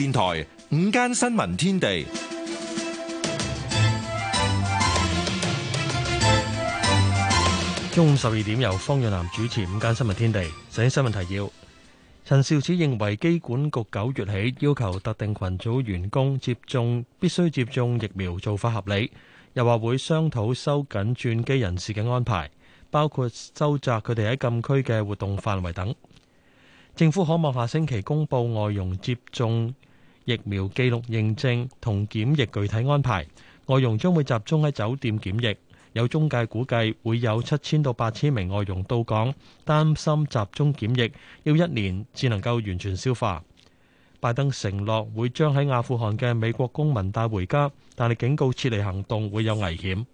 電台午間新聞天地，中午十二點由方潤南主持《午間新聞天地》。首先新聞提要：陳肇始認為機管局九月起要求特定群組員工接種必須接種疫苗做法合理，又話會商討收緊轉機人士嘅安排，包括收窄佢哋喺禁區嘅活動範圍等。政府可望下星期公布外傭接種，疫苗記錄認證同檢疫具體安排，外傭將會集中喺酒店檢疫。有中介估計會有七千到八千名外傭到港，擔心集中檢疫要一年至能夠完全消化。拜登承諾會將喺阿富汗嘅美國公民帶回家，但係警告撤離行動會有危險。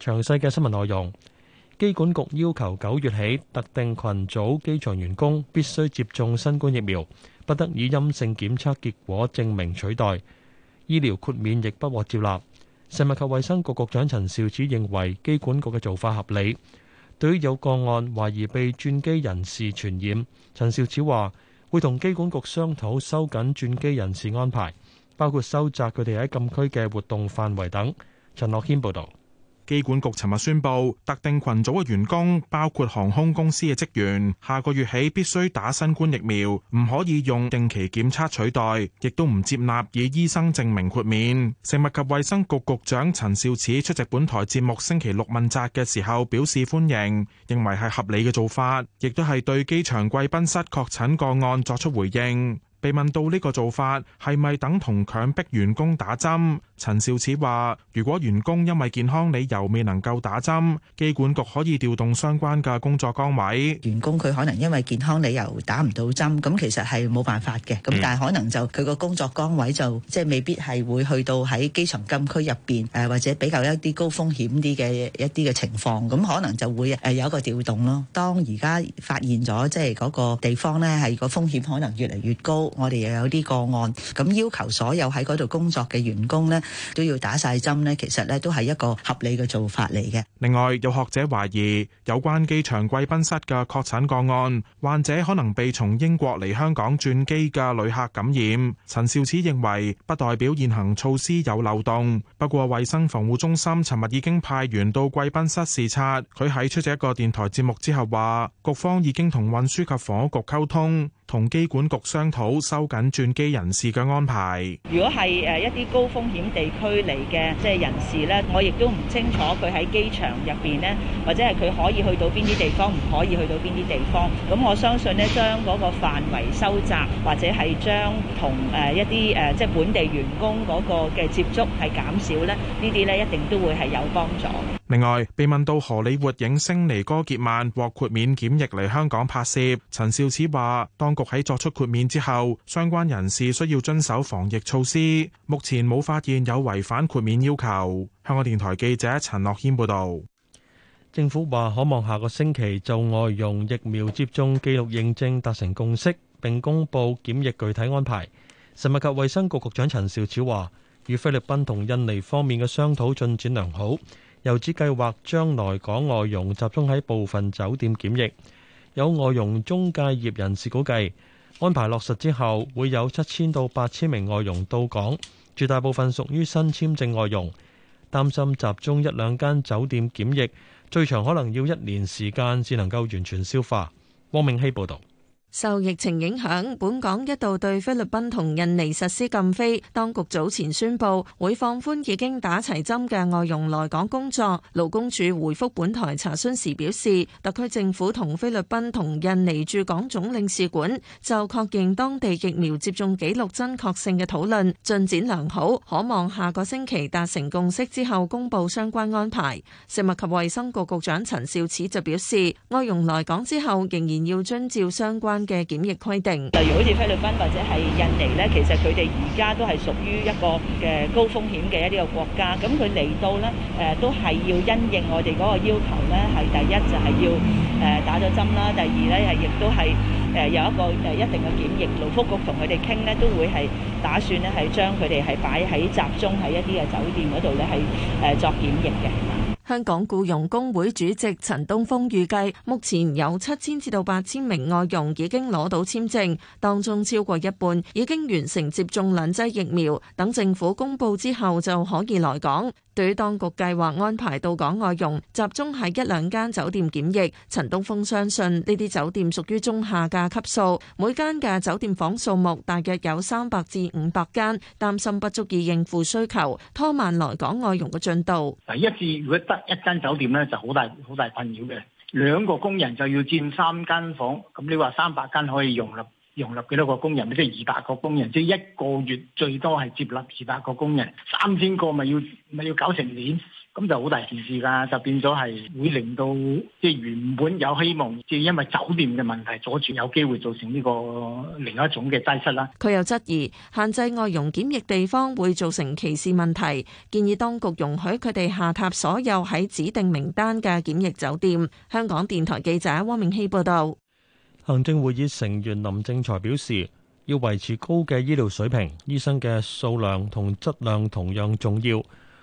詳細嘅新聞內容：機管局要求九月起特定群組機場員工必須接種新冠疫苗。不得以陰性檢測結果證明取代醫療豁免，亦不獲接納。食物及衛生局局長陳肇始認為機管局嘅做法合理。對於有個案懷疑被轉機人士傳染，陳肇始話會同機管局商討收緊轉機人士安排，包括收窄佢哋喺禁區嘅活動範圍等。陳樂謙報道。機管局尋日宣布，特定群組嘅員工，包括航空公司嘅職員，下個月起必須打新冠疫苗，唔可以用定期檢測取代，亦都唔接納以醫生證明豁免。食物及衛生局局長陳肇始出席本台節目星期六問責嘅時候表示歡迎，認為係合理嘅做法，亦都係對機場貴賓室確診個案作出回應。被問到呢個做法係咪等同強迫員工打針？陳肇始話：，如果員工因為健康理由未能夠打針，機管局可以調動相關嘅工作崗位。員工佢可能因為健康理由打唔到針，咁其實係冇辦法嘅。咁但係可能就佢個工作崗位就即係未必係會去到喺機場禁區入邊，誒或者比較一啲高風險啲嘅一啲嘅情況，咁可能就會誒有一個調動咯。當而家發現咗即係嗰個地方呢係個風險可能越嚟越高，我哋又有啲個案，咁要求所有喺嗰度工作嘅員工呢。都要打晒針呢，其實呢都係一個合理嘅做法嚟嘅。另外，有學者懷疑有關機場貴賓室嘅確診個案，患者可能被從英國嚟香港轉機嘅旅客感染。陳肇始認為，不代表現行措施有漏洞。不過，衛生防護中心尋日已經派員到貴賓室視察。佢喺出席一個電台節目之後話，局方已經同運輸及房屋局溝通。同機管局商討收緊轉機人士嘅安排。如果係誒一啲高風險地區嚟嘅即係人士咧，我亦都唔清楚佢喺機場入邊咧，或者係佢可以去到邊啲地方，唔可以去到邊啲地方。咁我相信咧，將嗰個範圍收窄，或者係將同誒一啲誒即係本地員工嗰個嘅接觸係減少咧，這些呢啲咧一定都會係有幫助。另外，被問到荷里活影星尼哥傑曼獲豁免檢疫嚟香港拍攝，陳肇始話：當局喺作出豁免之後，相關人士需要遵守防疫措施，目前冇發現有違反豁免要求。香港電台記者陳樂軒報導。政府話可望下個星期就外傭疫苗接種記錄認證達成共識，並公布檢疫具體安排。食物及衛生局局長陳肇始話：與菲律賓同印尼方面嘅商討進展良好。又指計劃將來港外傭集中喺部分酒店檢疫，有外傭中介業人士估計，安排落實之後會有七千到八千名外傭到港，絕大部分屬於新簽證外傭，擔心集中一兩間酒店檢疫，最長可能要一年時間先能夠完全消化。汪明熙報導。受疫情影響，本港一度對菲律賓同印尼實施禁飛，當局早前宣布會放寬已經打齊針嘅外傭來港工作。勞工處回覆本台查詢時表示，特區政府同菲律賓同印尼駐港總領事館就確認當地疫苗接種記錄真確性嘅討論進展良好，可望下個星期達成共識之後公布相關安排。食物及衛生局局長陳肇始就表示，外傭來港之後仍然要遵照相關。嘅檢疫規定，例如好似菲律賓或者係印尼呢，其實佢哋而家都係屬於一個嘅高風險嘅一啲嘅國家，咁佢嚟到呢，誒都係要因應我哋嗰個要求呢，係第一就係要誒打咗針啦，第二呢，係亦都係誒有一個誒一定嘅檢疫。勞福局同佢哋傾呢，都會係打算呢，係將佢哋係擺喺集中喺一啲嘅酒店嗰度呢，係誒作檢疫嘅。香港僱傭工會主席陳東峰預計，目前有七千至到八千名外傭已經攞到簽證，當中超過一半已經完成接種兩劑疫苗，等政府公布之後就可以來港。對於當局計劃安排到港外傭集中喺一兩間酒店檢疫，陳東峰相信呢啲酒店屬於中下價級數，每間嘅酒店房數目大約有三百至五百間，擔心不足以應付需求，拖慢來港外傭嘅進度。第一次。一間酒店咧就好大好大困擾嘅，兩個工人就要占三間房，咁你話三百間可以容納容納幾多個工人？即係二百個工人，即係一個月最多係接納二百個工人，三千個咪要咪要搞成年。咁就好大件事啦，就變咗係會令到即係原本有希望，即係因為酒店嘅問題阻住，有機會造成呢個另外一種嘅擠塞啦。佢又質疑限制外傭檢疫地方會造成歧視問題，建議當局容許佢哋下榻所有喺指定名單嘅檢疫酒店。香港電台記者汪明熙報道。行政會議成員林正財表示，要維持高嘅醫療水平，醫生嘅數量同質量同樣重要。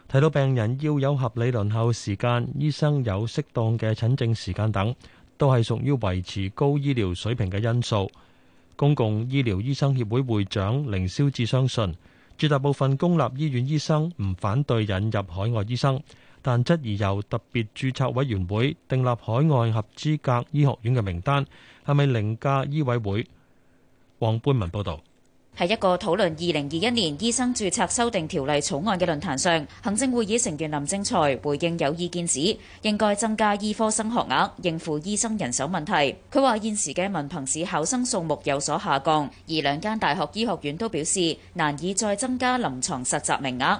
睇到病人要有合理輪候時間，醫生有適當嘅診症時間等，都係屬於維持高醫療水平嘅因素。公共醫療醫生協會會長凌霄智相信，絕大部分公立醫院醫生唔反對引入海外醫生，但質疑由特別注冊委員會訂立海外合資格醫學院嘅名單，係咪凌駕醫委會？黃半文報道。喺一個討論二零二一年醫生註冊修訂條例草案嘅論壇上，行政會議成員林正財回應有意見指，應該增加醫科生學額，應付醫生人手問題。佢話現時嘅文憑試考生數目有所下降，而兩間大學醫學院都表示難以再增加臨床實習名額。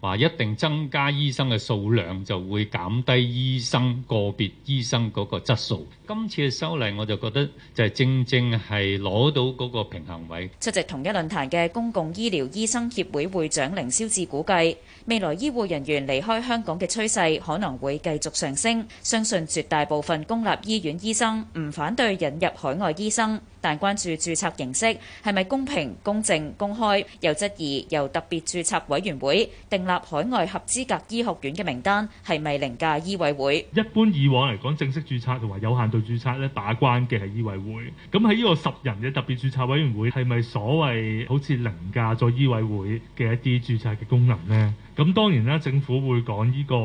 話一定增加醫生嘅數量就會減低醫生，個別醫生嗰個質素。今次嘅修例我就覺得就係正正係攞到嗰個平衡位。出席同一論壇嘅公共醫療醫生協會會長凌霄志估計，未來醫護人員離開香港嘅趨勢可能會繼續上升。相信絕大部分公立醫院醫生唔反對引入海外醫生，但關注註冊形式係咪公平、公正、公開，又質疑由特別註冊委員會定立海外合資格醫學院嘅名單係咪凌駕醫委會？一般以往嚟講，正式註冊同埋有限度註冊咧，把關嘅係醫委會。咁喺呢個十人嘅特別註冊委員會，係咪所謂好似凌駕咗醫委會嘅一啲註冊嘅功能咧？咁當然啦，政府會講呢個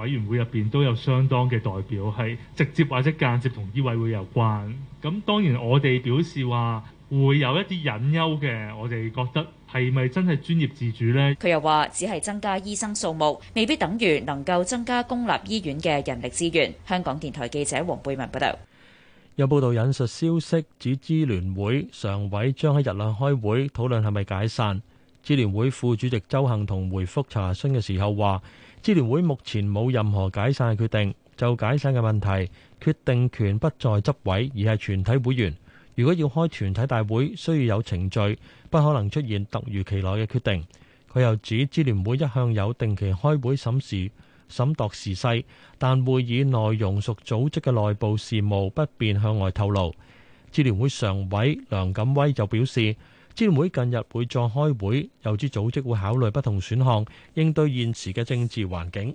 委員會入邊都有相當嘅代表係直接或者間接同醫委會有關。咁當然，我哋表示話會有一啲隱憂嘅，我哋覺得。係咪真係專業自主呢？佢又話：只係增加醫生數目，未必等於能夠增加公立醫院嘅人力資源。香港電台記者黃貝文報道。有報道引述消息，指支聯會常委將喺日內開會討論係咪解散。支聯會副主席鄒幸彤回覆查詢嘅時候話：支聯會目前冇任何解散嘅決定，就解散嘅問題，決定權不在執委，而係全體會員。如果要開團體大會需要有程序，不可能出現突如其來嘅決定。佢又指，支聯會一向有定期開會審視審度時勢，但會議內容屬組織嘅內部事務不便向外透露。支聯會常委梁錦威就表示，支聯會近日會再開會，又指組織會考慮不同選項應對現時嘅政治環境。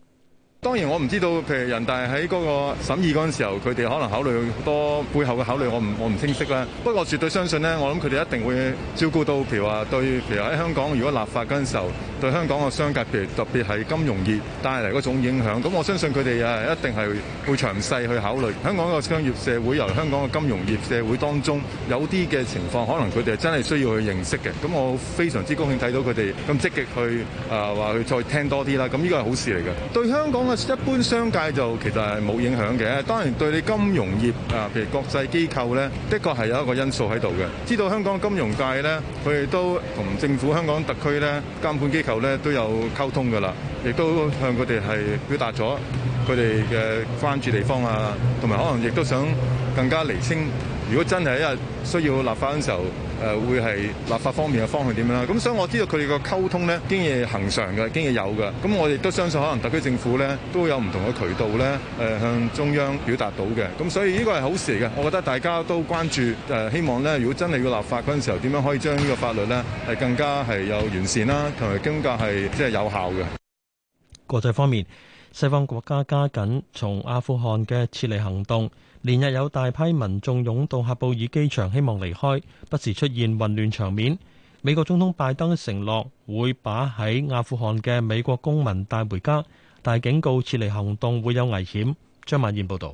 當然我唔知道，譬如人大喺嗰個審議嗰陣時候，佢哋可能考慮多背後嘅考慮，我唔我唔清晰啦，不過我絕對相信呢，我諗佢哋一定會照顧到，譬如話對，譬如喺香港如果立法嗰陣時候，對香港嘅商界，譬如特別係金融業帶嚟嗰種影響，咁我相信佢哋誒一定係會詳細去考慮。香港嘅商業社會由香港嘅金融業社會當中有啲嘅情況，可能佢哋真係需要去認識嘅。咁我非常之高興睇到佢哋咁積極去誒話、呃、去再聽多啲啦。咁呢個係好事嚟嘅，對香港。一般商界就其實係冇影響嘅，當然對你金融業啊，譬如國際機構咧，的確係有一個因素喺度嘅。知道香港金融界咧，佢哋都同政府、香港特區咧監管機構咧都有溝通噶啦，亦都向佢哋係表達咗佢哋嘅關注地方啊，同埋可能亦都想更加釐清，如果真係一日需要立法嘅時候。誒會係立法方面嘅方向點樣啦？咁所以我知道佢哋嘅溝通咧，經已恒常嘅，經已有嘅。咁我亦都相信可能特區政府呢都有唔同嘅渠道呢誒、呃，向中央表達到嘅。咁所以呢個係好事嚟嘅。我覺得大家都關注誒、呃，希望呢，如果真係要立法嗰陣時候，點樣可以將呢個法律呢係更加係有完善啦，同埋更加係即係有效嘅。國際方面，西方國家加緊從阿富汗嘅撤離行動。連日有大批民眾湧到喀布爾機場，希望離開，不時出現混亂場面。美國總統拜登承諾會把喺阿富汗嘅美國公民帶回家，但係警告撤離行動會有危險。張曼燕報導。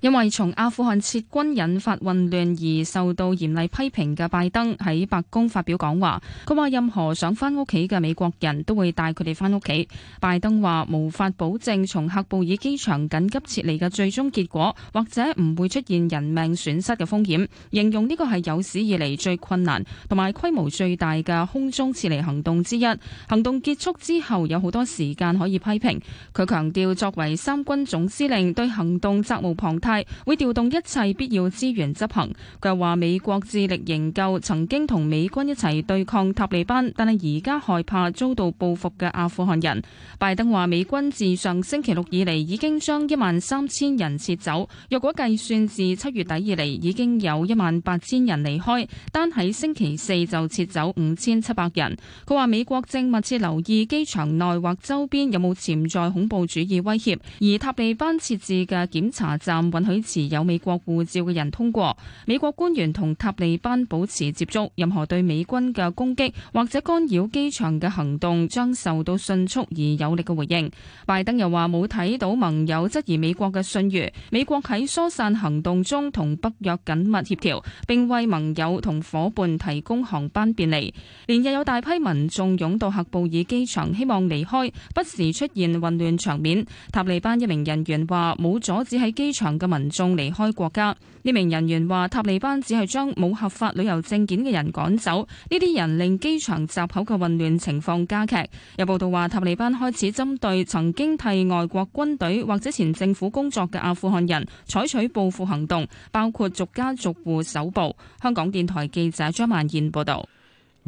因為從阿富汗撤軍引發混亂而受到嚴厲批評嘅拜登，喺白宮發表講話。佢話任何想翻屋企嘅美國人都會帶佢哋翻屋企。拜登話無法保證從喀布爾機場緊急撤離嘅最終結果，或者唔會出現人命損失嘅風險。形容呢個係有史以嚟最困難同埋規模最大嘅空中撤離行動之一。行動結束之後有好多時間可以批評。佢強調作為三軍總司令對行動責無旁。會調動一切必要資源執行。佢話美國致力營救曾經同美軍一齊對抗塔利班，但係而家害怕遭到報復嘅阿富汗人。拜登話美軍自上星期六以嚟已經將一萬三千人撤走，若果計算至七月底以嚟已經有一萬八千人離開，單喺星期四就撤走五千七百人。佢話美國正密切留意機場內或周邊有冇潛在恐怖主義威脅，而塔利班設置嘅檢查站。允許持有美國護照嘅人通過。美國官員同塔利班保持接觸，任何對美軍嘅攻擊或者干擾機場嘅行動將受到迅速而有力嘅回應。拜登又話冇睇到盟友質疑美國嘅信譽。美國喺疏散行動中同北約緊密協調，並為盟友同夥伴提供航班便利。連日有大批民眾湧到喀布爾機場，希望離開，不時出現混亂場面。塔利班一名人員話冇阻止喺機場嘅民眾離開國家。呢名人員話，塔利班只係將冇合法旅遊證件嘅人趕走，呢啲人令機場閘口嘅混亂情況加劇。有報道話，塔利班開始針對曾經替外國軍隊或者前政府工作嘅阿富汗人採取報復行動，包括逐家逐戶搜捕。香港電台記者張曼燕報道。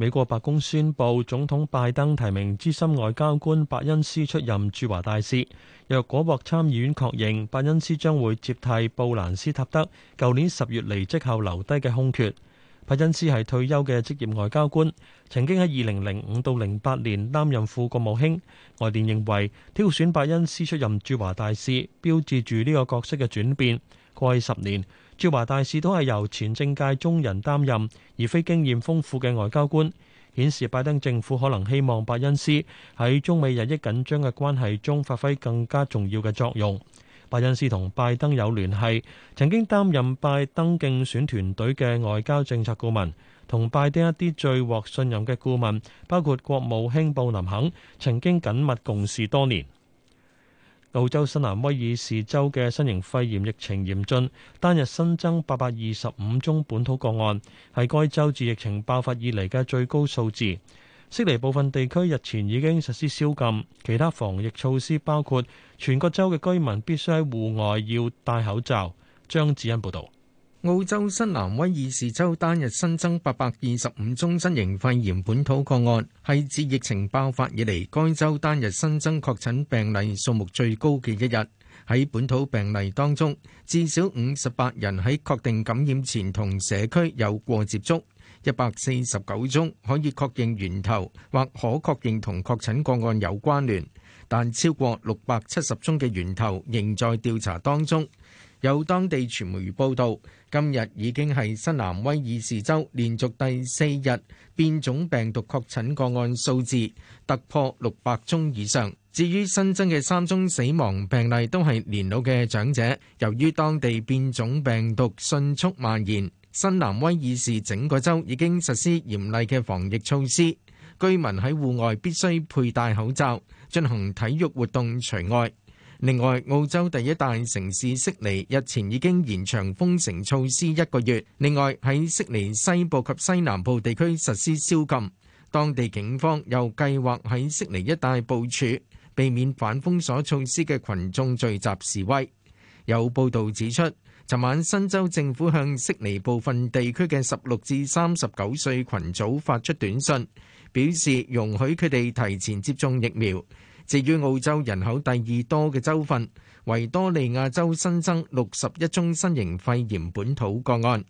美國白宮宣布，總統拜登提名資深外交官伯恩斯出任駐華大使。若果獲參議院確認，伯恩斯將會接替布蘭斯塔德舊年十月離職後留低嘅空缺。伯恩斯係退休嘅職業外交官，曾經喺二零零五到零八年擔任副國務卿。外電認為挑選伯恩斯出任駐華大使，標誌住呢個角色嘅轉變。過去十年，駐華大使都係由前政界中人擔任，而非經驗豐富嘅外交官，顯示拜登政府可能希望拜恩斯喺中美日益緊張嘅關係中發揮更加重要嘅作用。拜恩斯同拜登有聯繫，曾經擔任拜登競選團隊嘅外交政策顧問，同拜登一啲最獲信任嘅顧問，包括國務卿布林肯，曾經緊密共事多年。澳洲新南威爾士州嘅新型肺炎疫情嚴峻，單日新增八百二十五宗本土個案，係該州自疫情爆發以嚟嘅最高數字。悉尼部分地區日前已經實施宵禁，其他防疫措施包括，全個州嘅居民必須喺戶外要戴口罩。張子欣報道。澳洲新南威爾士州單日新增825宗新型肺炎本土個案，係自疫情爆發以嚟該州單日新增確診病例數目最高嘅一日。喺本土病例當中，至少58人喺確定感染前同社區有過接觸，149宗可以確認源頭或可確認同確診個案有關聯，但超過670宗嘅源頭仍在調查當中。有當地傳媒報道，今日已經係新南威爾士州連續第四日變種病毒確診個案數字突破六百宗以上。至於新增嘅三宗死亡病例都係年老嘅長者。由於當地變種病毒迅速蔓延，新南威爾士整個州已經實施嚴厲嘅防疫措施，居民喺戶外必須佩戴口罩，進行體育活動除外。另外，澳洲第一大城市悉尼日前已經延長封城措施一個月，另外喺悉尼西部及西南部地區實施宵禁，當地警方又計劃喺悉尼一帶部署，避免反封鎖措施嘅群眾聚集示威。有報道指出，尋晚新州政府向悉尼部分地區嘅十六至三十九歲群組發出短信，表示容許佢哋提前接種疫苗。至於澳洲人口第二多嘅州份維多利亞州新增六十一宗新型肺炎本土個案，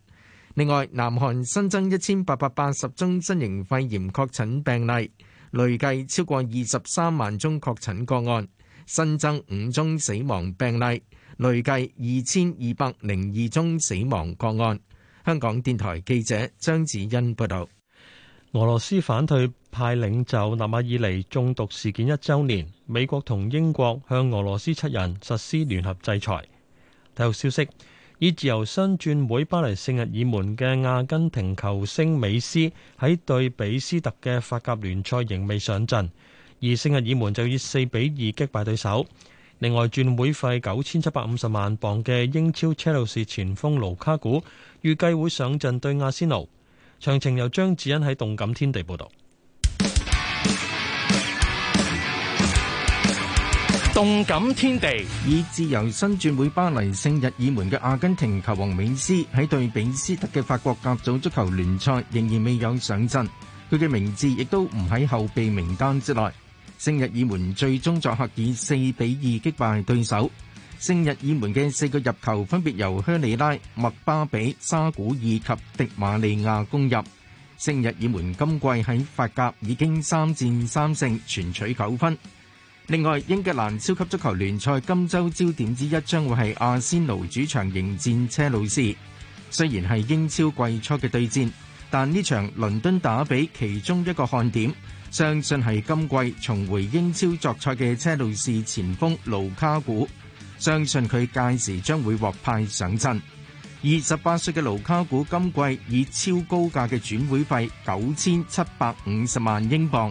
另外南韓新增一千八百八十宗新型肺炎確診病例，累計超過二十三萬宗確診個案，新增五宗死亡病例，累計二千二百零二宗死亡個案。香港電台記者張子欣報導。道俄羅斯反對派領袖納瓦爾尼中毒事件一周年，美國同英國向俄羅斯七人實施聯合制裁。體育消息，以自由身轉會巴黎聖日耳門嘅阿根廷球星美斯喺對比斯特嘅法甲聯賽仍未上陣，而聖日耳門就以四比二擊敗對手。另外，轉會費九千七百五十萬鎊嘅英超車路士前鋒盧卡古預計會上陣對亞仙奴。詳情由張智恩喺動感天地報道。動感天地，以自由身轉會巴黎聖日耳門嘅阿根廷球王美斯，喺對比斯特嘅法國甲組足球聯賽仍然未有上陣，佢嘅名字亦都唔喺後備名單之內。聖日耳門最終作客以四比二擊敗對手。聖日耳門嘅四個入球分別由香里拉、麥巴比、沙古爾及迪馬利亞攻入。聖日耳門今季喺法甲已經三戰三勝，全取九分。另外，英格蘭超級足球聯賽今周焦點之一將會係阿仙奴主場迎戰車路士。雖然係英超季初嘅對戰，但呢場倫敦打比其中一個看點，相信係今季重回英超作賽嘅車路士前鋒盧卡古。相信佢屆時將會獲派上陣。二十八歲嘅盧卡古今季以超高價嘅轉會費九千七百五十萬英鎊。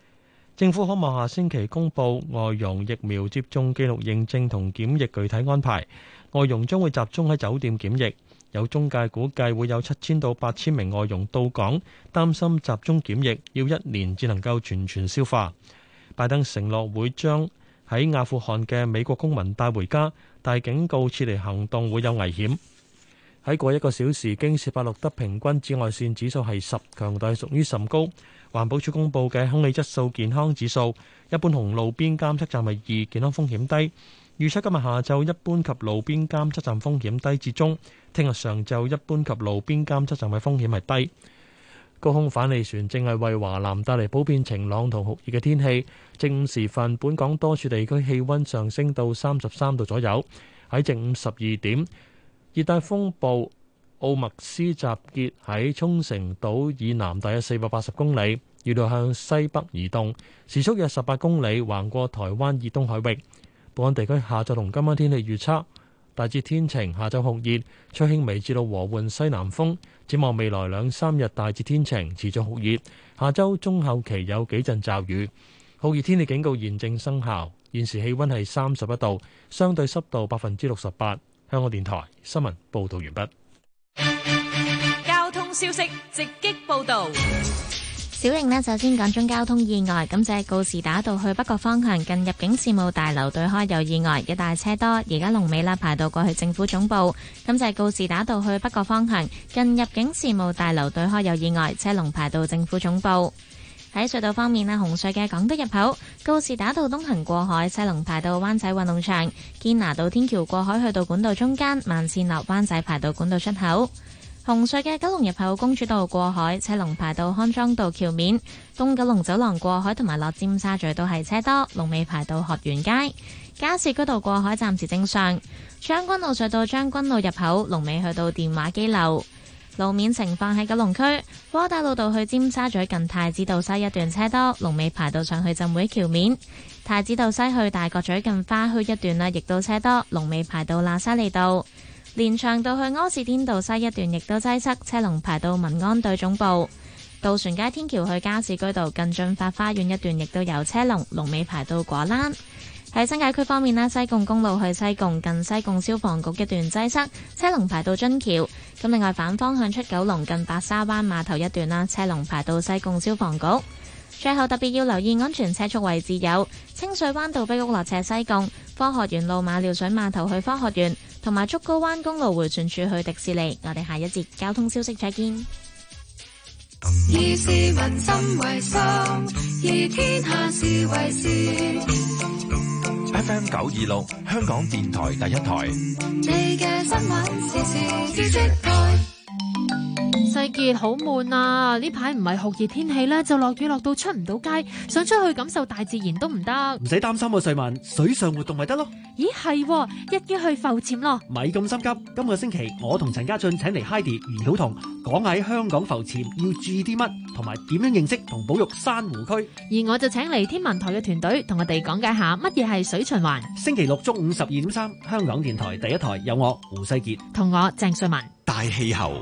政府可望下星期公布外傭疫苗接種記錄認證同檢疫具體安排。外傭將會集中喺酒店檢疫，有中介估計會有七千到八千名外傭到港，擔心集中檢疫要一年至能夠全全消化。拜登承諾會將喺阿富汗嘅美國公民帶回家，但係警告撤離行動會有危險。喺過一個小時，京士柏錄得平均紫外線指數係十，強度屬於甚高。環保署公布嘅空氣質素健康指數，一般同路邊監測站係二，健康風險低。預測今日下晝一般及路邊監測站風險低至中，聽日上晝一般及路邊監測站嘅風險係低。高空反氣旋正係為華南帶嚟普遍晴朗同酷熱嘅天氣。正午時分，本港多處地區氣温上升到三十三度左右。喺正午十二點。熱帶風暴奧麥斯集結喺沖繩島以南大約四百八十公里，預料向西北移動，時速約十八公里，橫過台灣以東海域。本港地區下晝同今晚天氣預測大致天晴，下晝酷熱，吹輕微至到和緩西南風。展望未來兩三日大致天晴，持續酷熱。下週中後期有幾陣驟雨。酷熱天氣警告現正生效。現時氣溫係三十一度，相對濕度百分之六十八。香港電台新聞報道完畢。交通消息直擊報道，小玲呢，首先講中交通意外，咁就係告士打道去北角方向近入境事務大樓對開有意外，一大車多，而家龍尾啦排到過去政府總部。咁就係告士打道去北角方向近入境事務大樓對開有意外，車龍排到政府總部。喺隧道方面啊，紅隧嘅港北入口、告士打道東行過海，車龍排到灣仔運動場；堅拿道天橋過海去到管道中間，慢線落灣仔排到管道出口。紅隧嘅九龍入口，公主道過海，車龍排到康莊道橋面；東九龍走廊過海同埋落尖沙咀都係車多，龍尾排到學園街。加士居道過海暫時正常。將軍澳隧道將軍澳入口，龍尾去到電話機樓。路面情況喺九龍區窩打老道去尖沙咀近太子道西一段車多，龍尾排到上去浸會橋面；太子道西去大角咀近花墟一段啦，亦都車多，龍尾排到喇沙利道；連翔道去柯士甸道西一段亦都擠塞，車龍排到民安隊總部；渡船街天橋去加士居道近駿發花園一段亦都有車龍，龍尾排到果欄。喺新界區方面啦，西貢公路去西貢近西貢消防局一段擠塞，車龍排到津橋。咁另外反方向出九龍近白沙灣碼頭一段啦，車龍排到西貢消防局。最後特別要留意安全車速位置，有清水灣道壁屋落斜西貢、科學園路馬料水碼頭去科學園，同埋竹篙灣公路回旋處去迪士尼。我哋下一節交通消息再見。以市民心為 M 九二六，26，香港電台第一台。 世杰好悶啊！呢排唔係酷熱天氣啦，就落雨落到出唔到街，想出去感受大自然都唔得。唔使擔心啊，瑞文，水上活動咪得，啊，咯？咦，係一於去浮潛咯。咪咁心急！今個星期我同陳家俊請嚟 Hidy 余小彤講喺香港浮潛要注意啲乜，同埋點樣認識同保育珊瑚區。而我就請嚟天文台嘅團隊同我哋講解下乜嘢係水循環。星期六中午十二點三，香港電台第一台有我胡世杰同我鄭瑞文大氣候。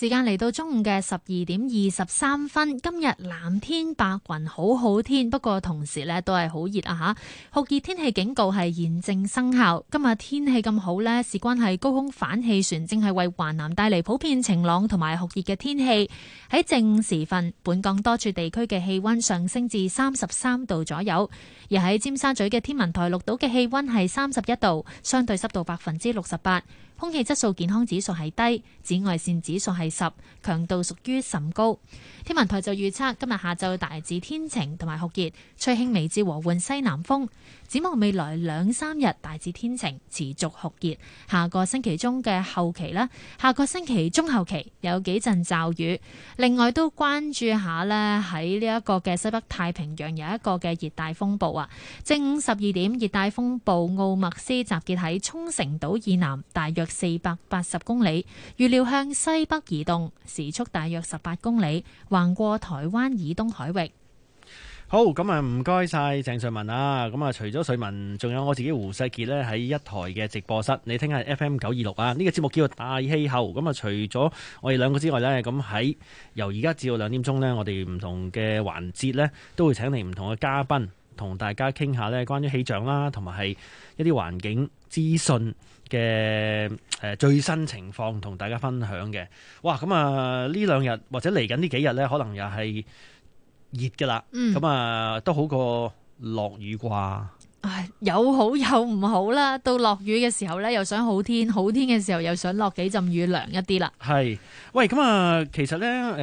時間嚟到中午嘅十二點二十三分，今日藍天白雲，好好天，不過同時咧都係好熱啊！吓酷熱天氣警告係現正生效。今日天氣咁好呢，事關係高空反氣旋正係為華南帶嚟普遍晴朗同埋酷熱嘅天氣。喺正午時分，本港多處地區嘅氣溫上升至三十三度左右，而喺尖沙咀嘅天文台錄到嘅氣溫係三十一度，相對濕度百分之六十八。空氣質素健康指數係低，紫外線指數係十，強度屬於甚高。天文台就預測今日下晝大致天晴同埋酷熱，吹輕微至和緩西南風。展望未來兩三日大致天晴，持續酷熱。下個星期中嘅後期呢，下個星期中後期有幾陣驟雨。另外都關注下呢，喺呢一個嘅西北太平洋有一個嘅熱帶風暴啊。正午十二點，熱帶風暴奧麥斯集結喺沖繩島以南，大約四百八十公里，預料向西北移動，時速大約十八公里，橫過台灣以東海域。好，咁啊，唔該晒鄭瑞文啊。咁啊，除咗瑞文，仲有我自己胡世杰呢，喺一台嘅直播室。你聽下 FM 九二六啊，呢個節目叫做《大氣候》。咁啊，除咗我哋兩個之外呢，咁喺由而家至到兩點鐘呢，我哋唔同嘅環節呢，都會請嚟唔同嘅嘉賓，同大家傾下呢，關於氣象啦，同埋係一啲環境資訊。嘅誒最新情況同大家分享嘅，哇！咁啊呢兩日或者嚟緊呢幾日呢，可能又係熱嘅啦。嗯，咁啊都好過落雨啩。唉，有好有唔好啦。到落雨嘅時候呢，又想好天；好天嘅時候，又想落幾陣雨涼一啲啦。係，喂！咁啊，其實呢。